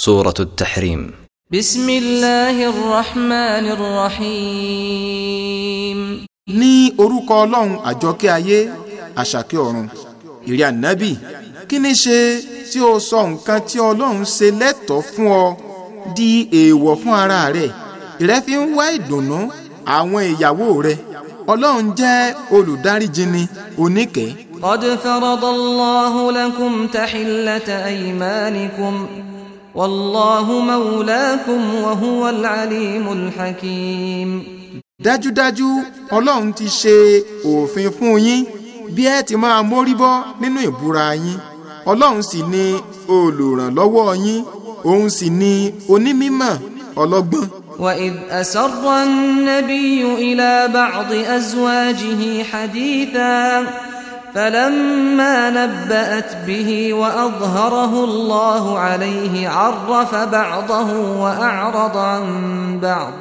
سورة التحريم بسم الله الرحمن الرحيم ní orúkọ ọlọ́run àjọkẹ́ ayé àṣàkẹ́ ọ̀run ìrìn ànábì kí ni ṣe tí o sọ nǹkan tí ọlọ́run ṣe lẹ́tọ̀ọ́ fún ọ di èèwọ̀ fún ara rẹ ìrẹ́ fi ń wá ìdùnnú àwọn ìyàwó rẹ ọlọ́run jẹ́ olùdáríjìni oníkẹ́. قد فرض الله لكم تحلة أيمانكم والله mawlakum وهو العليم الحكيم. alimul hakim. Dájúdájú Ọlọ́run ti ṣe òfin fún yín bí ẹ ti máa mórí bọ́ nínú ìbúra yín. Ọlọ́run sì ni olùrànlọ́wọ́ yín, òun sì ni onímímọ̀ ọlọ́gbọ́n. وإذ أسر النبي إلى بعض أزواجه حديثا فلما نبأت به وأظهره الله عليه عرف بعضه وأعرض عن بعض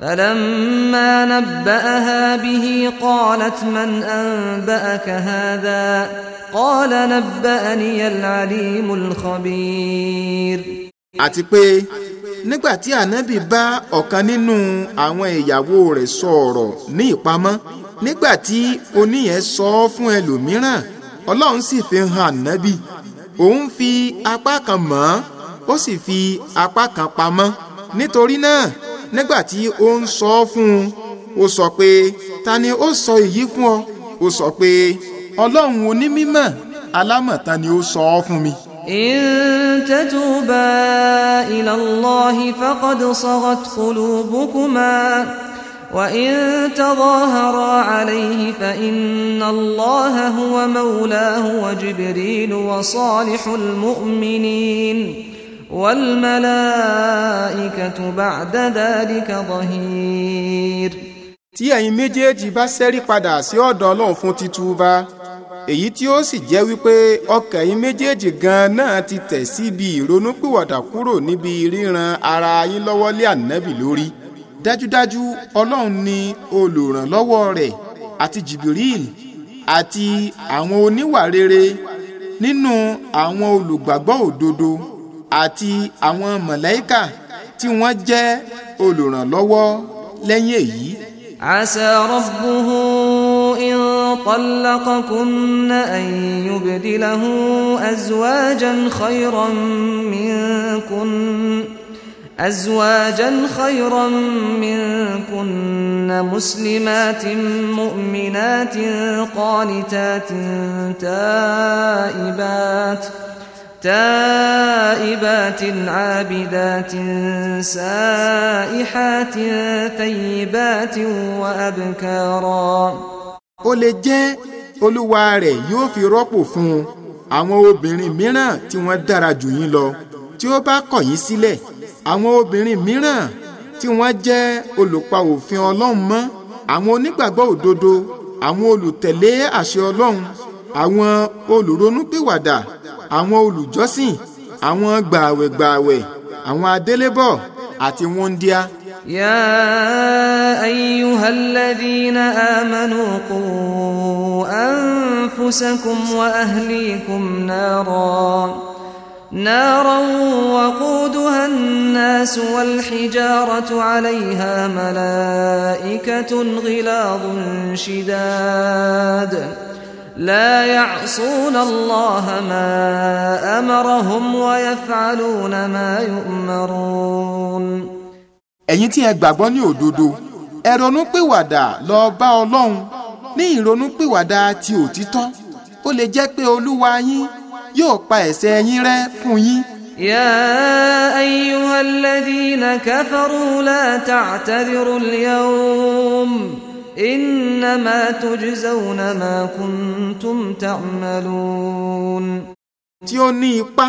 فلما نبأها به قالت من أنبأك هذا قال نبأني العليم الخبير àti pé nígbà tí ànábì bá ọ̀kan nínú àwọn ìyàwó rẹ̀ sọ̀rọ̀ ní ìpamọ́ nígbà tí oníyẹn sọ ọ́ fún ẹlòmíràn ọlọ́run sì fi hàn nábì òun fi apá kan mọ́ ó sì fi apá kan pamọ́ nítorí náà nígbà tí ó ń sọ ọ́ fún un ó sọ pé ta ni ó sọ èyí fún ọ ó sọ pé ọlọ́run onímímọ̀ alámọ̀tán ni ó sọ ọ́ fún mi. إن تتوبا إلى الله فقد صغت قلوبكما وإن تظاهرا عليه فإن الله هو مولاه وجبريل وصالح المؤمنين والملائكة بعد ذلك ظهير tí ẹ̀yin méjèèjì bá ṣẹ́rí padà sí ọ̀dọ̀ ọlọ́run fún títúbà èyí tí ó sì jẹ́ wípé ọkàn ẹ̀yin méjèèjì gan-an náà ti tẹ̀ síbi ìrònúpìwàdà kúrò níbi ríran ara yín lọ́wọ́ ànábì lórí dájúdájú ọlọ́run ni olùrànlọ́wọ́ rẹ̀ àti jibril àti àwọn oníwà rere nínú àwọn olùgbàgbọ́ òdodo àti àwọn mọ̀lẹ́kà tí wọ́n jẹ́ olùrànlọ́wọ́ lẹ́yìn èyí. àṣà rọ̀bùhù. طلقكن أن يبدله أزواجا خيرا منكن أزواجا خيرا منكن مسلمات مؤمنات قانتات تائبات تائبات عابدات سائحات ثيبات وأبكارا ó lè jẹ́ olúwa rẹ̀ yóò fi rọ́pò fún un àwọn obìnrin mìíràn tí wọ́n dára jù yín lọ tí ó bá kọ̀ yín sílẹ̀ àwọn obìnrin mìíràn tí wọ́n jẹ́ olùpa òfin ọlọ́run mọ́ àwọn onígbàgbọ́ òdodo àwọn olùtẹ̀lé àṣẹ ọlọ́run àwọn olùronúpìwàdà àwọn olùjọ́sìn àwọn gbààwẹ̀gbààwẹ̀ àwọn adélébọ̀ àti wọ́ndíá يا أيها الذين آمنوا قوا أنفسكم وأهليكم نارا نارا وقودها الناس والحجارة عليها ملائكة غلاظ شداد لا يعصون الله ما أمرهم ويفعلون ما يؤمرون ẹ̀yin tí ẹ gbàgbọ́ ní òdodo ẹ ronúpìwàdà lọ bá ọlọ́run ní ìronúpìwàdà ti òtítọ́ ó lè jẹ́ pé olúwa yín yóò pa ẹ̀ṣẹ̀ yín rẹ́ fún yín. يا أيها الذين كفروا لا تعتذروا اليوم إنما تجزون ما كنتم تعملون. tí ó ní ipá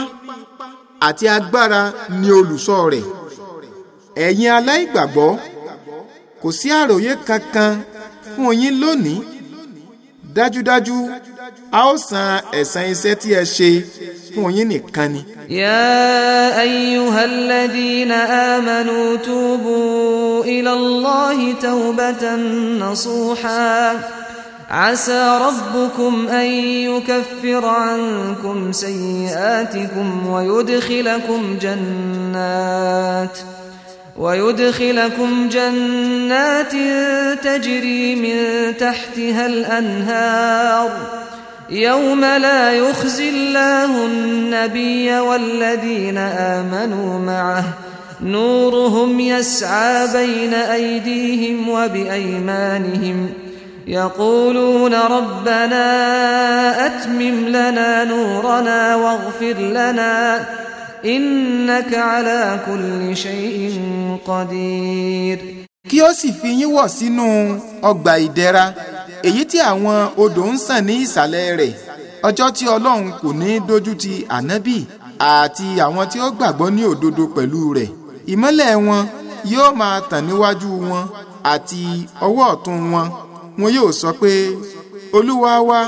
àti agbára ni olùṣọ́ rẹ̀ ẹ̀yin aláìgbàgbọ́ kò sí àròyé kankan fún yín lónìí dájúdájú a ó san ẹ̀san iṣẹ́ tí ẹ ṣe fún yín nìkan ni. yá ayyuhalladhina amanu tubu ilallahi tawbatan nasuha. عسى ربكم أن يكفر عنكم سيئاتكم ويدخلكم جنات ۖ ويدخلكم جنات تجري من تحتها الأنهار يوم لا يخزي الله النبي والذين آمنوا معه نورهم يسعى بين أيديهم وبأيمانهم يقولون ربنا أتمم لنا نورنا واغفر لنا إنك على كل شيء قدير. kí ó sì fi yín wọ̀ sínú ọgbà ìdẹ̀ra èyí tí àwọn odò ń sàn ní ìsàlẹ̀ rẹ̀ ọjọ́ tí ọlọ́run kò ní dojú ti ànábì àti àwọn tí ó gbàgbọ́ ní òdodo pẹ̀lú rẹ̀ ìmọ́lẹ̀ wọn yóò máa tàn níwájú wọn àti ọwọ́ ọ̀tún wọn wọn yóò sọ pé olúwa wa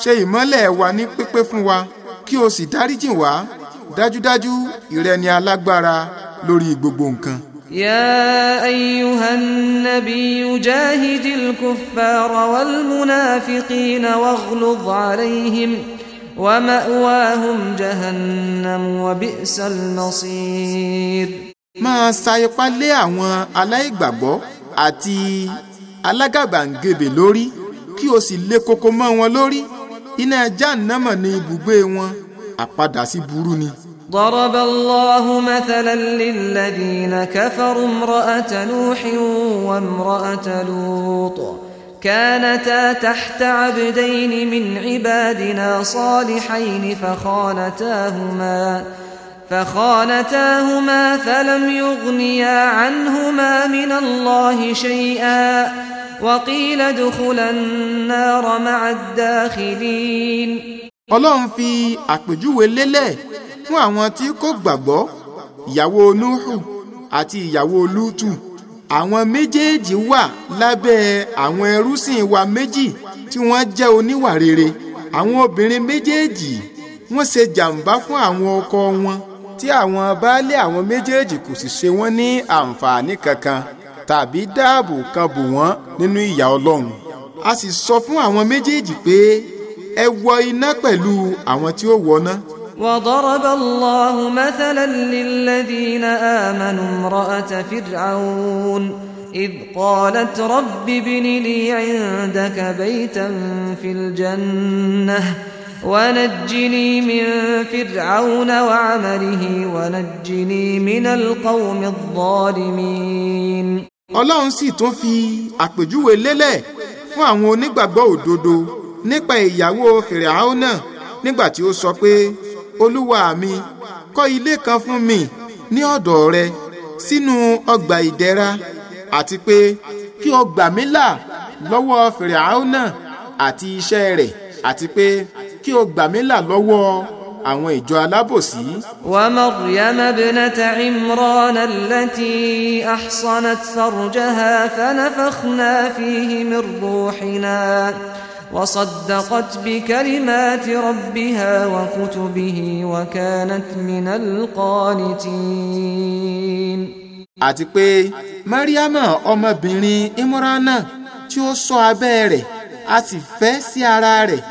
ṣe ìmọ́lẹ̀ wa ní pípé fún wa kí o sì dáríjì wá dájúdájú ìrẹ ni alágbára lórí gbogbo nǹkan. يا أيها النبي جاهد الكفار والمنافقين واغلظ عليهم ومأواهم جهنم وبئس المصير máa sa ipá lé àwọn aláìgbàgbọ́ àti alágàbàǹgebè lórí kí o sì le koko mọ́ wọn lórí iná jahannama ni ibùgbé wọn àpadà sí burú ni. ضرب الله مثلا للذين كفروا امرأة نوح وامرأة لوط كانتا تحت عبدين من عبادنا صالحين فخانتاهما فخانتاهما فلم يغنيا عنهما من الله شيئا وقيل ادخلا النار مع الداخلين ọlọ́run fi àpèjúwe lélẹ̀ fún àwọn tí kò gbàgbọ́ ìyàwó nuhu àti ìyàwó lutu àwọn méjèèjì wà lábẹ́ àwọn ẹrúsìn wa méjì tí wọ́n jẹ́ oníwà rere àwọn obìnrin méjèèjì wọ́n ṣe jàǹbá fún àwọn ọkọ wọn tí àwọn baálé àwọn méjèèjì kò sì ṣe wọ́n ní àǹfààní kankan tàbí dáàbò kan bò wọ́n nínú ìyà ọlọ́run a sì sọ fún àwọn méjèèjì pé ẹ wọ iná pẹ̀lú àwọn tí ó wọ náà. وضرب الله مثلا للذين آمنوا امرأة فرعون إذ قالت رب ابن لي عندك بيتا في الجنة ونجني من فرعون وعمله ونجني من القوم الظالمين. Ọlọ́run sì tún fi àpèjúwe lélẹ̀ fún àwọn nípa ìyàwó fìràhónà nígbà tí ó sọ pé olúwa mi kọ́ ilé kan fún mi ní ọ̀dọ̀ rẹ sínú ọgbà ìdẹ̀ra àti pé kí o gbà mí là lọ́wọ́ fìràhónà àti iṣẹ́ rẹ̀ àti pé kí o gbà mí là lọ́wọ́ àwọn ìjọ alábòsí. wa Maryam ibnata Imran allati ahsanat farjaha fanafakhna fihi min ruhina. وصدقت بكلمات ربها وكتبه وكانت من القانتين àti pé mariama ọmọbìnrin imorana tí ó ṣọ́ abẹ́ rẹ̀ a sì fẹ́ sí ara rẹ̀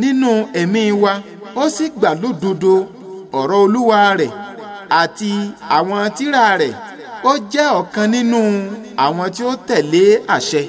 nínú ẹ̀mí wa ó sì gbà lódodo ọ̀rọ̀ olúwa rẹ̀ àti àwọn tírà rẹ̀ ó jẹ́ ọ̀kan nínú àwọn tí ó tẹ̀lé àṣẹ.